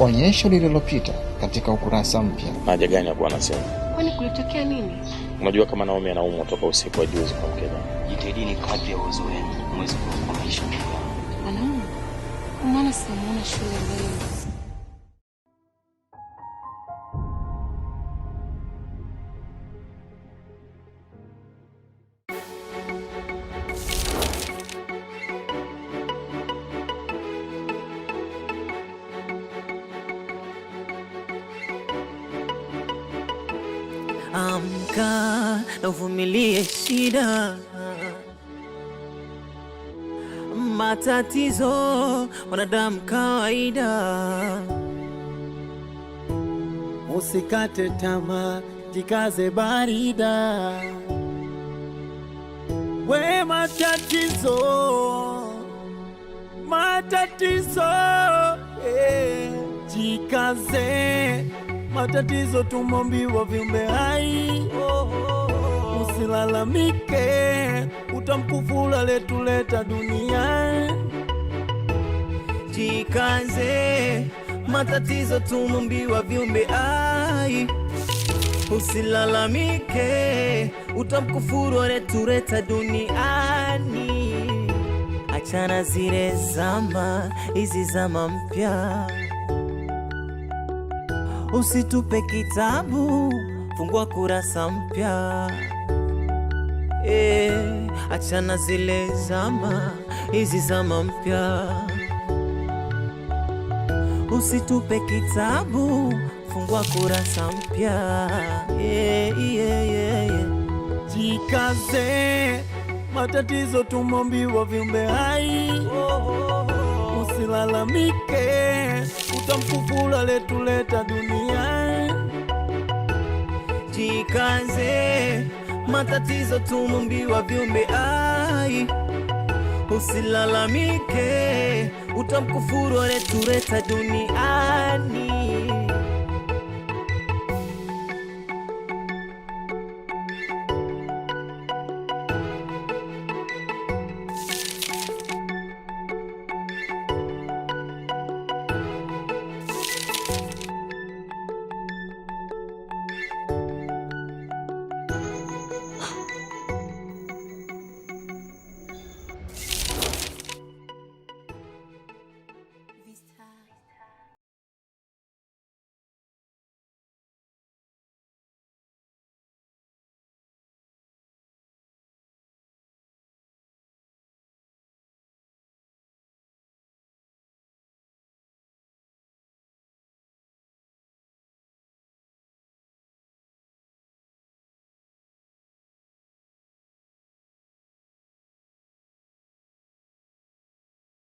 onyesho lililopita katika ukurasa mpya. Haja gani akuwa anasema? Kwani kulitokea nini? Unajua kama Naomi anaumwa toka usiku wa juzi kwa mkeda. Jitahidini kadri ya uwezo wenu mweze kuokoa maisha. Anaumwa? Maana simuona shule leo. matatizo, wanadamu kawaida. Usikate tamaa, jikaze barida, we matatizo, matatizo eh, jikaze matatizo, tumombiwa viumbe hai, oh, oh, oh, oh. usilalamike utamkufula letuleta dunia Jikaze, matatizo tumumbiwa viumbe ai usilalamike, utamkufuru letuleta duniani. Achana zile zama, hizi zama mpya, usitupe kitabu, fungua kurasa mpya eh, achana zile zama, hizi zama mpya. Usitupe kitabu, fungua kurasa mpya. eh, yeah, yeah, yeah. Jikaze, matatizo tumombiwa viumbe hai. Usilalamike, utamfufula letuleta duniani. Jikaze matatizo tumumbiwa viumbe ai, usilalamike, utamkufuru aretureta duniani.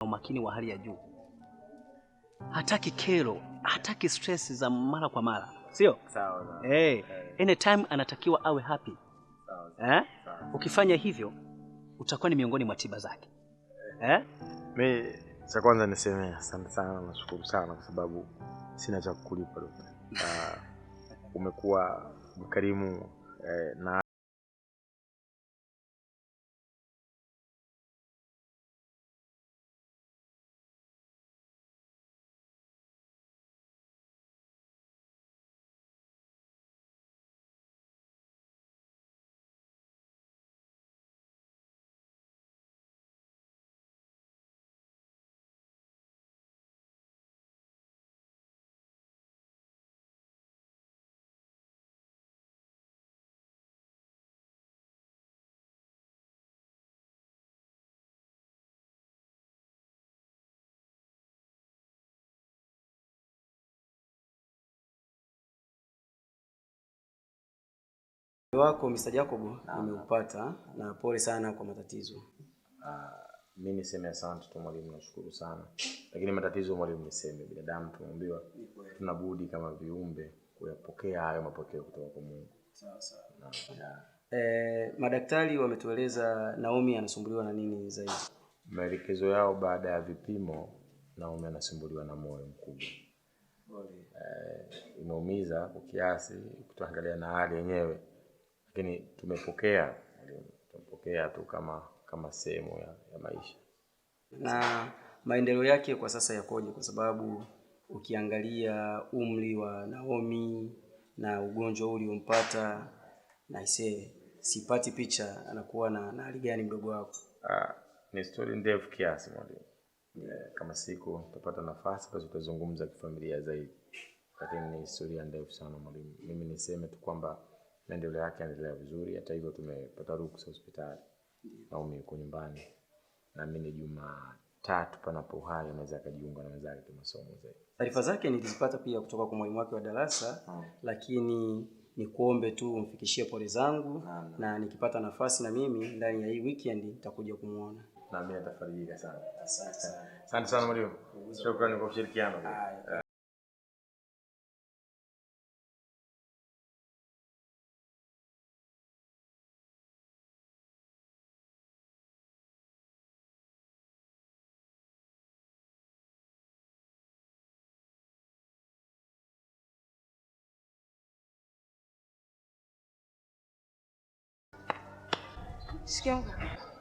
na umakini wa hali ya juu. Hataki kero, hataki stress za mara kwa mara, sio sawa? hey, eh, eh. hey. Anytime anatakiwa awe happy sawa, eh? Sao. Ukifanya hivyo utakuwa ni miongoni mwa tiba zake eh? Mimi eh? cha kwanza niseme asante sana, nashukuru sana kwa sababu sina cha kukulipa. Uh, umekuwa mkarimu eh, na wako Mr. Jacob nimeupata na pole sana kwa matatizo. Ah, mimi niseme asante tu mwalimu, nashukuru sana, lakini matatizo mwalimu, niseme binadamu tumeambiwa tunabudi kama viumbe kuyapokea hayo mapokeo kutoka kwa Mungu. Sawa sawa. Eh, madaktari wametueleza Naomi anasumbuliwa na nini zaidi? Maelekezo yao baada ya vipimo, Naomi anasumbuliwa na moyo mkubwa eh, imeumiza kwa kiasi, ukitangalia na hali yenyewe lakini tumepokea tumepokea tu kama kama sehemu ya, ya maisha. Na maendeleo yake kwa sasa yakoje? Kwa sababu ukiangalia umri wa Naomi na ugonjwa uliompata na ise sipati picha, anakuwa na hali gani mdogo wako? Ah, ni story ndefu kiasi mwalimu. Yeah, kama siku tutapata nafasi basi tutazungumza kifamilia zaidi, lakini ni historia ndefu sana mwalimu. Mimi niseme tu kwamba maendeleo yake yanaendelea vizuri. Hata hivyo tumepata ruksa hospitali na mimi yuko nyumbani, mimi juma tatu panapo uhai anaweza akajiunga na wenzake kimasomo zaidi. Taarifa zake nilizipata pia kutoka kwa mwalimu wake wa darasa hmm. Lakini nikuombe tu umfikishie pole zangu na, na. na nikipata nafasi na mimi ndani ya hii weekend nitakuja kumwona mimi atafarijika sana. Asante sana mwalimu, shukrani kwa ushirikiano. Shiki yangu.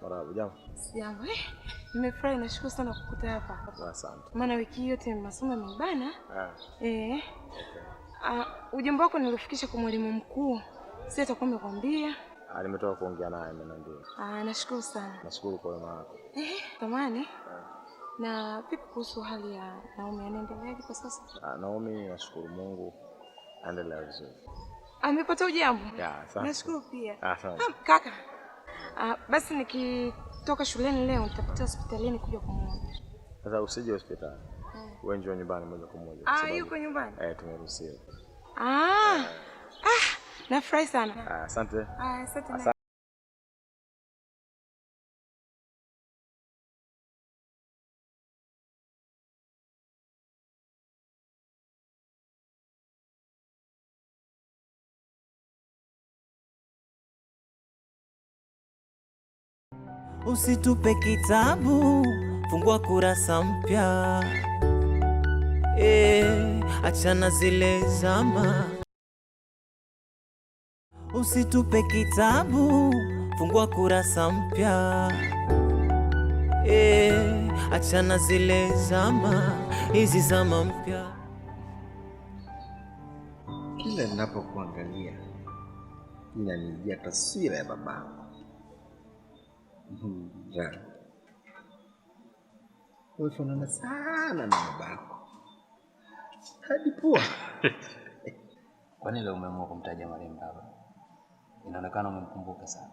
Marahaba, jambo. Sijambo. Eh, nimefurahi nashukuru sana kukuta hapa. Asante. Maana wiki yote masomo yamebana. Ah. Eh. Okay. Uh, ah, ujambo wako nilifikisha kwa mwalimu mkuu. Si atakuwa amekwambia. Ah, nimetoka kuongea naye ameniambia. Ah, nashukuru sana. Nashukuru kwa wema wako. Eh, tamani. Ah. Na vipi kuhusu hali ya Naomi anaendeleaje kwa sasa? Ah, Naomi nashukuru Mungu anaendelea vizuri. Amepata ujambo? Yeah, nashukuru pia. Ah, kaka, Ah, basi nikitoka shuleni leo nitapita hospitalini kuja kumuona. Sasa usije hospitali. Eh. Wewe njoo nyumbani moja kwa moja. Ah, yuko nyumbani? Eh, tumeruhusiwa. Ah. Ah, nafurahi sana. Ah, asante. Ah, asante. usitupe kitabu, fungua kurasa mpya. eh, achana zile zama. Usitupe kitabu, fungua kurasa mpya. eh, achana zile zama, hizi zama mpya. Kila ninapokuangalia inanijia taswira ya babangu Mm-hmm. Yeah. sana na babako hadi pua. Kwani leo umeamua kumtaja marehemu baba? Inaonekana umemkumbuka sana.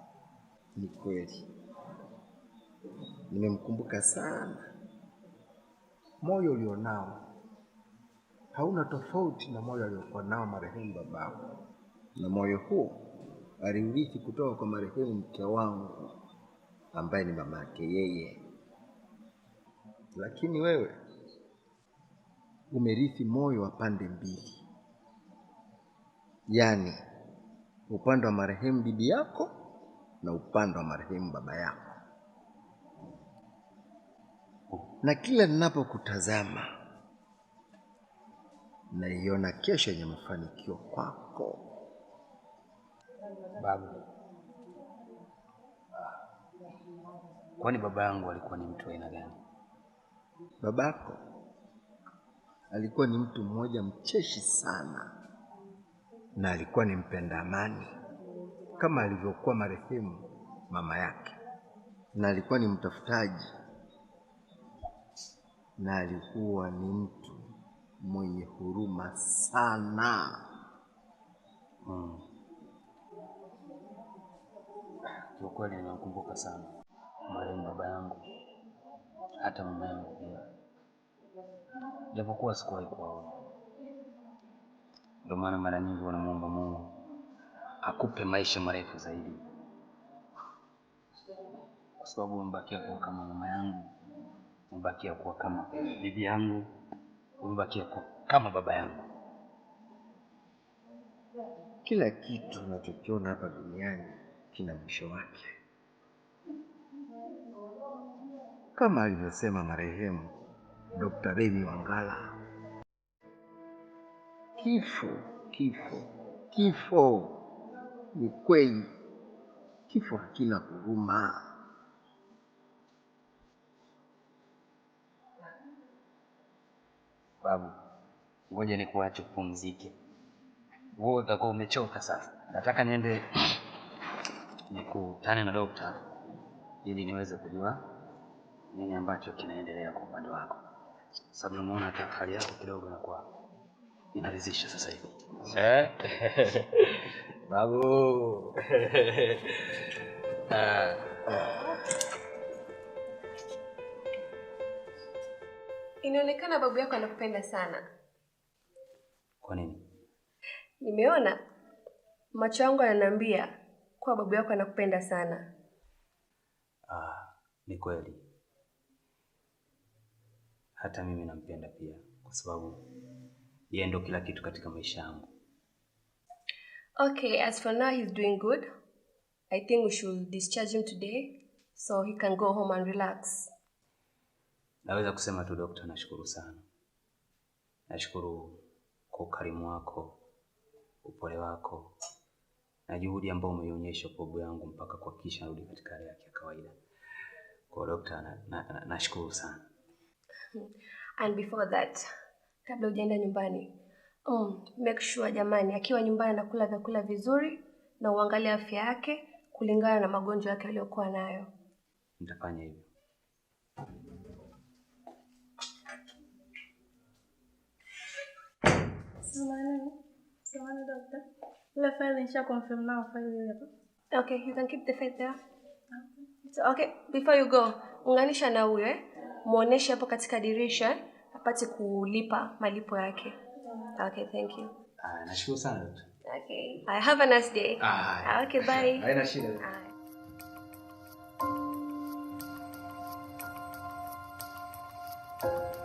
Ni kweli, nimemkumbuka sana. Moyo ulionao hauna tofauti na moyo aliokuwa nao marehemu babako, na moyo huo aliurithi kutoka kwa marehemu mke wangu ambaye ni mamake yeye. Lakini wewe umerithi moyo wa pande mbili, yaani upande wa marehemu bibi yako na upande wa marehemu baba yako. Na kila ninapokutazama naiona kesho yenye mafanikio kwako Baba. Kwani baba yangu alikuwa ni mtu aina gani? Babako alikuwa ni mtu mmoja mcheshi sana, na alikuwa ni mpenda amani kama alivyokuwa marehemu mama yake, na alikuwa ni mtafutaji, na alikuwa ni mtu mwenye huruma sana hmm. Kwa kweli ninakumbuka sana ni baba yangu hata mama yangu pia, japokuwa sikuwahi kuwaona. Ndio maana mara nyingi wanamuomba Mungu akupe maisha marefu zaidi, kwa sababu umebakia kuwa kama mama yangu, umebakia kuwa kama bibi yangu, umebakia kuwa kama baba yangu. Kila kitu unachokiona hapa duniani kina mwisho wake. kama alivyosema marehemu Dr. Remi Wangala, kifo kifo kifo. Ni kweli kifo hakina huruma. Babu, ngoja nikuache upumzike, wewe utakuwa umechoka sasa. Nataka niende nikutane na dokta ili niweze kujua nini ambacho kinaendelea kwa upande wako, sababu nimeona hata hali yako kidogo inakuwa inaridhisha sasa hivi eh? Babu ah. Inaonekana babu yako anakupenda sana. Kwa nini? Nimeona macho yangu yananiambia kuwa babu yako anakupenda sana. Ah, ni kweli hata mimi nampenda pia, kwa sababu yeye ndio kila kitu katika maisha yangu. Okay, as for now he's doing good. I think we should discharge him today so he can go home and relax. Naweza kusema tu dokta, nashukuru sana. Nashukuru kwa ukarimu wako, upole wako na juhudi ambayo umeionyesha kwa babu yangu mpaka kuhakikisha narudi katika hali yake ya kawaida. Kwa dokta, nashukuru na, na, na sana. And before that, kabla hujaenda nyumbani mm, make sure jamani, akiwa nyumbani anakula vyakula vizuri na uangalie afya yake kulingana na magonjwa yake aliyokuwa nayo. Nitafanya hivyo. Okay, you can keep the faith there. Okay, before you go, unganisha na huyo eh? Muoneshe hapo katika dirisha apate kulipa malipo yake. Okay, thank you. Ah, nashukuru sana. Okay. I have a nice day. Ah, ah okay, bye. Haina shida. Ah. thank you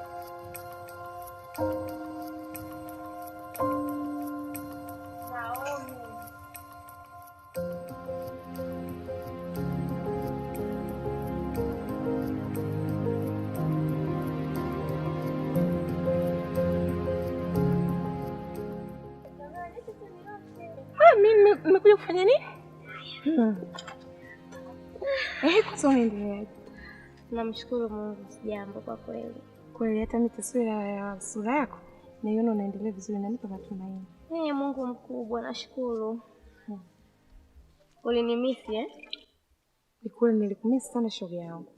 Namshukuru Mungu, sijambo kwa kweli. Kweli hata mi taswira ya sura yako naiona unaendelea vizuri, nanipa matumaini. Hey, Mungu mkubwa, nashukuru. Hmm. Ulinimisi eh? Ni kweli nilikumisi sana shughuli yangu.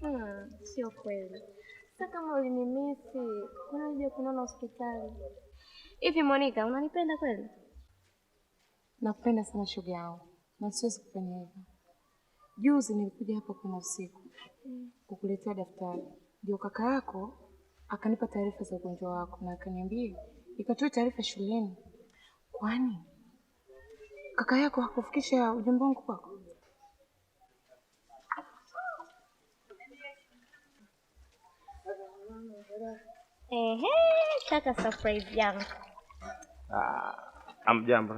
Hmm, sio kweli. Sasa kama ulinimisi, kuna haja kunaona hospitali. Hivi Monica, unanipenda kweli? Nakupenda sana shoga yangu na siwezi kufanya hivyo. Juzi nilikuja hapa kuna usiku kukuletea daftari. Ndio kaka yako akanipa taarifa za ugonjwa wako na akaniambia ikatoe taarifa shuleni. Kwani kaka yako hakufikisha ujumbe wangu kwako? Ehe, kaka surprise yangu. Ah, amjambo.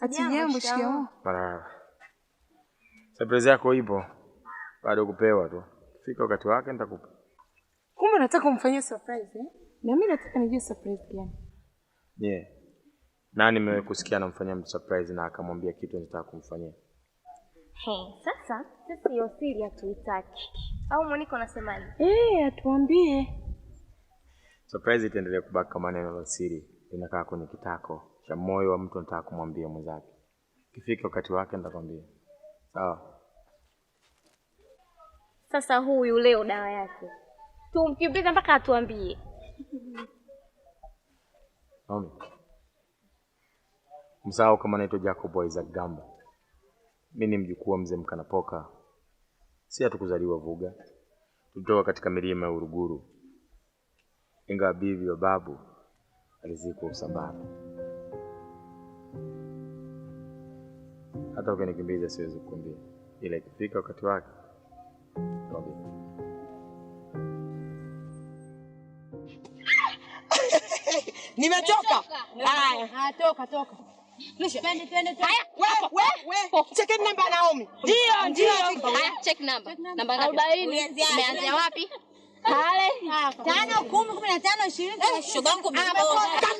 Atijambo, shikamoo. Surprise yako ipo bado kupewa tu, fika wakati wake nitakupa. Kumbe nataka kumfanyia surprise eh? Na mimi nataka nijue surprise gani? Yeah. Nani mmekusikia anamfanyia mtu surprise na akamwambia kitu nitaka kumfanyia. Hey, sasa sisi hiyo siri hatuitaki. Au mwaniko anasemaje? Eh, hey, atuambie. Surprise itaendelea kubaki kama neno la siri, inakaa kwenye kitako cha moyo wa mtu anataka kumwambia mwenzake. Kifika wakati wake nitakwambia. Sawa. oh. Sasa huyu leo dawa yake tumkimbiza mpaka atuambie. Naomi, msahau kama naitwa Jacob Isaac Gamba, mi ni mjukuu wa mzee Mkanapoka. Si hatukuzaliwa Vuga, tulitoka katika milima ya Uruguru, ingawa bibi wa babu alizikwa Usambara. Hata ukinikimbiza siwezi kukumbia, ila ikifika wakati wake Robin. Nimechoka. Haya, ah, toka toka. Check number Naomi. Ndio ndio. check number. Namba ngapi? 40. Umeanzia wapi? Pale.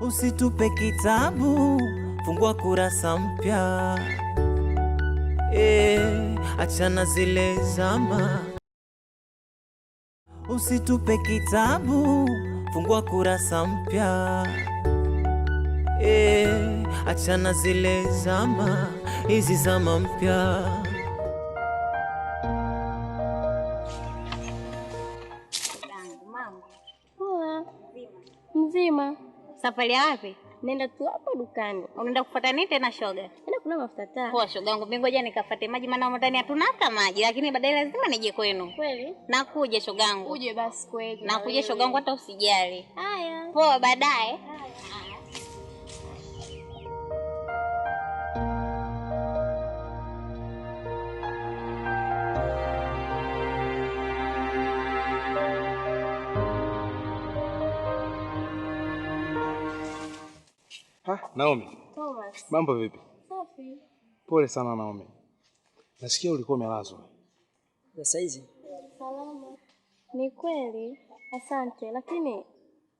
Usitupe kitabu, fungua kurasa mpya. Eh, achana zile zama. Usitupe kitabu, fungua kurasa mpya. Eh, achana zile zama, hizi zama mpya Safari wapi? Nenda tu hapo dukani. Unaenda kufuata nini tena shoga? Nenda kuna mafuta taa. Poa shoga yangu, mimi ngoja nikafuate maji maana huko ndani hatuna ka maji, lakini baadaye lazima nije kwenu. Kweli? Nakuja shoga yangu. Uje basi kweli. Nakuja shoga yangu hata usijali. Haya. Poa baadaye. Haya. Ha, Naomi. Thomas. Mambo vipi? Safi. Pole sana Naomi. Nasikia ulikuwa umelazwa. Sasa saizi? Salama. Ni kweli. Asante, lakini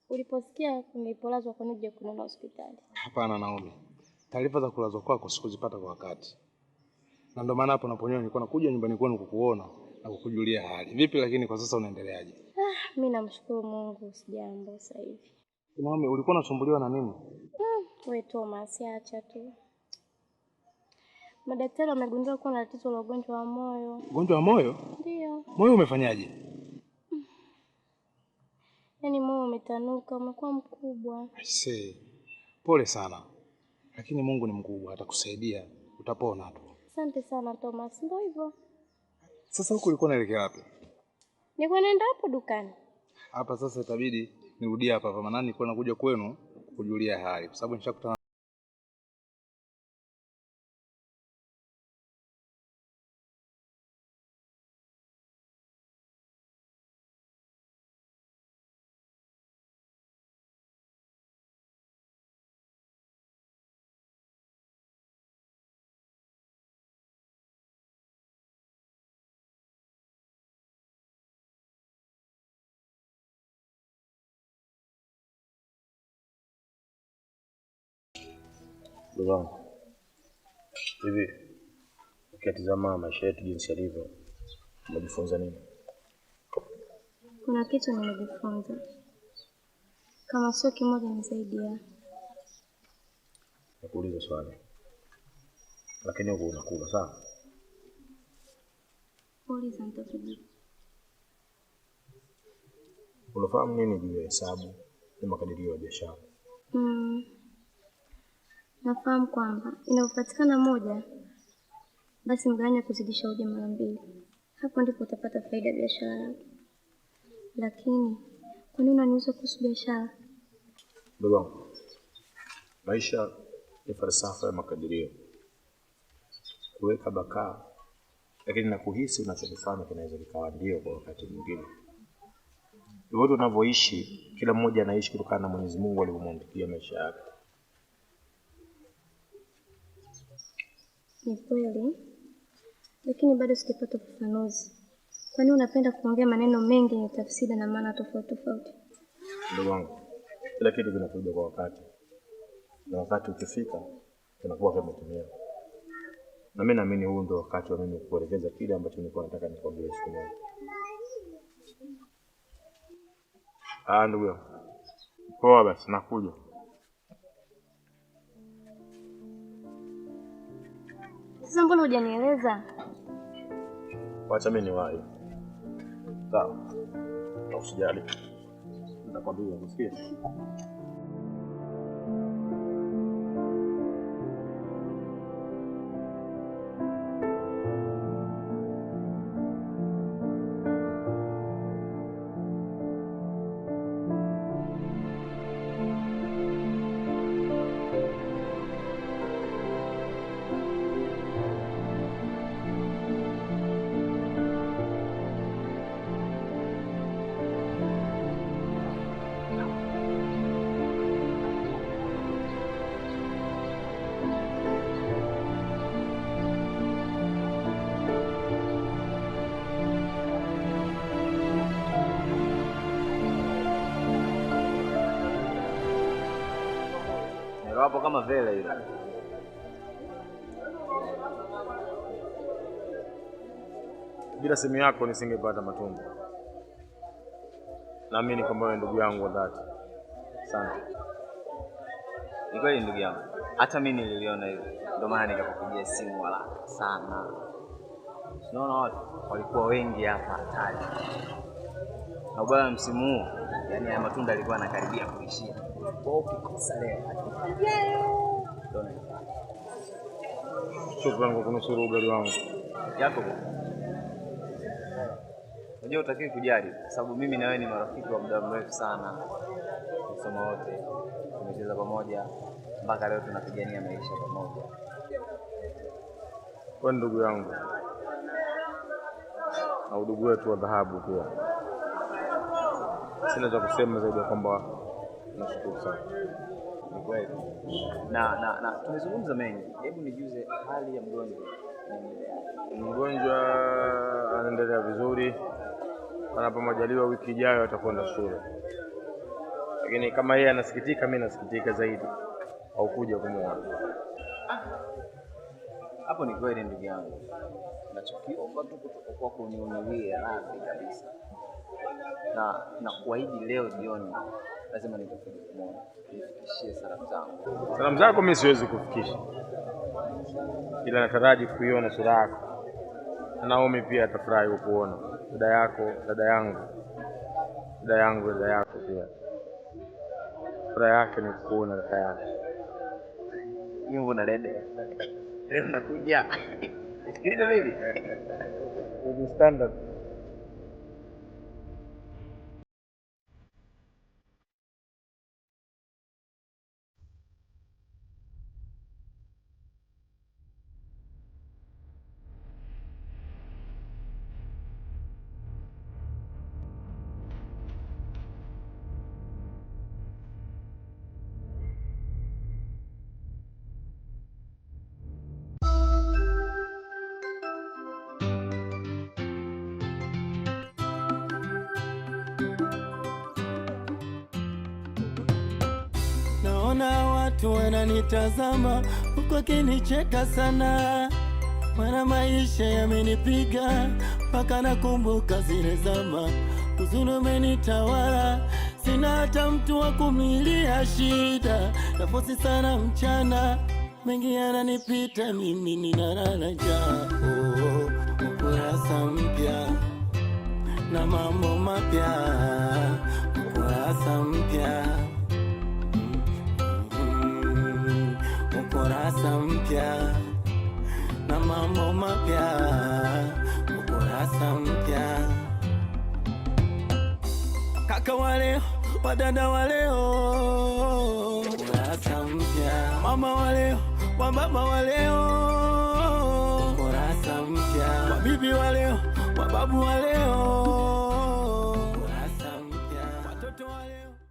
uliposikia nilipolazwa kwa nini kunona hospitali? Hapana Naomi. Taarifa za kulazwa kwako sikuzipata kwa wakati. Na ndio maana hapo naponyoa nilikuwa nakuja nyumbani kwenu kukuona na kukujulia hali. Vipi lakini kwa sasa unaendeleaje? Ah, mimi namshukuru Mungu sijambo sasa hivi. Mami, ulikuwa unasumbuliwa na nini? Mm, we Thomas, acha tu. Madaktari wamegundua kuwa na tatizo la ugonjwa wa moyo. Ugonjwa wa moyo? Ndio. Moyo umefanyaje? Hmm. Yaani moyo umetanuka, umekuwa mkubwa. Aisee. Pole sana. Lakini Mungu ni mkubwa, atakusaidia. Utapona tu. Asante sana Thomas, ndio hivyo. Sasa huko ulikuwa unaelekea wapi? Nilikuwa naenda hapo dukani. Hapa sasa itabidi nirudia hapa hapa, maana nilikuwa nakuja kwenu kujulia hali, kwa sababu nishakutana Ndugu hivi, ukiyatizama maisha yetu jinsi yalivyo, umejifunza nini? Kuna kitu nimejifunza, kama sio kimoja ni zaidi ya. Nakuuliza swali, lakini huku unakula sawa? Uliza nitakujibu. Unafahamu nini juu ya hesabu na makadirio ya biashara? Mm nafahamu kwamba inapopatikana moja, basi mgawanya kuzidisha uje mara mbili. Hapo ndipo utapata faida biashara yako. Lakini kwa nini unaniuza kuhusu biashara? Baba, maisha ni falsafa ya makadirio, kuweka bakaa, lakini na kuhisi unachokifanya kinaweza kikawa ndio kwa wakati mwingine. Wote unavyoishi, kila mmoja anaishi kutokana na Mwenyezi Mungu alivyomwandikia maisha yake Ni kweli, lakini bado sijapata ufafanuzi. Kwani unapenda kuongea maneno mengi yenye tafsiri na maana tofauti tofauti? Ndugu wangu, kila kitu kinakuja kwa wakati, na wakati ukifika tunakuwa vimetumia, na mimi naamini huu ndio wakati wa mimi kuelekeza kile ambacho nilikuwa nataka nikwambie siku moja. Ah, ndugu yangu, poa basi, nakuja. Sasa mbona hujanieleza? Wacha mimi niwahi. Sawa. Usijali. Nitakwambia, usikie. wapo kama vile hilo. Bila simu yako nisingepata matumbo. Naamini kwamba wewe ndugu yangu wa dhati. Asante. Ni kweli ndugu yangu, hata mimi nililiona hilo, ndio maana nikakupigia simu wala sana. Unaona watu walikuwa wengi hapa hatari, na ubaya msimu huu, yani haya matunda yalikuwa yanakaribia kuishia. Kwa ukikosa leo shukrani kwa kunusuru ugali wangu yako. Unajua utakiwi kujali, kwa sababu mimi na wewe ni marafiki wa muda mrefu sana, kusoma wote tumecheza pamoja mpaka leo tunapigania maisha pamoja. Kwa ndugu yangu na udugu wetu wa dhahabu, pia sina cha kusema zaidi ya kwamba Nashukuru sana. Ni kweli. Na na na tumezungumza mengi, hebu nijuze hali ya mgonjwa mgonjwa anaendelea vizuri, anapomajaliwa wiki ijayo atakwenda shule, lakini kama yeye anasikitika, mi nasikitika zaidi aukuja kumwona. Ah, hapo ah, ni kweli ndugu yangu, nachokiomba tu kutoka kwako nioniwie radhi kabisa, na na kuahidi leo jioni lazima nikumuone, salamu zangu. Salamu zako mimi siwezi kufikisha, ila nataraji kuiona sura yako, na Naomi pia atafurahi kukuona, dada yako, dada yangu, dada yangu, dada yako pia furaha yake ni kukuona dada yako. Nyumbu na dede leo nakuja. Standard. watu wananitazama huko kinicheka sana, mana maisha yamenipiga mpaka nakumbuka zile zama, huzuni umenitawala sina hata mtu wa kumilia shida, nafosi sana mchana, mengi yananipita mimi, ninalala njaa. Oh, ukurasa mpya na mambo mapya, ukurasa mpya ukurasa mpya na mambo mapya, ukurasa mpya. Kaka wa leo, wadada wa leo, ukurasa mpya. Mama wa leo, wababa wa leo, ukurasa mpya. Wabibi wa leo, wababu wa leo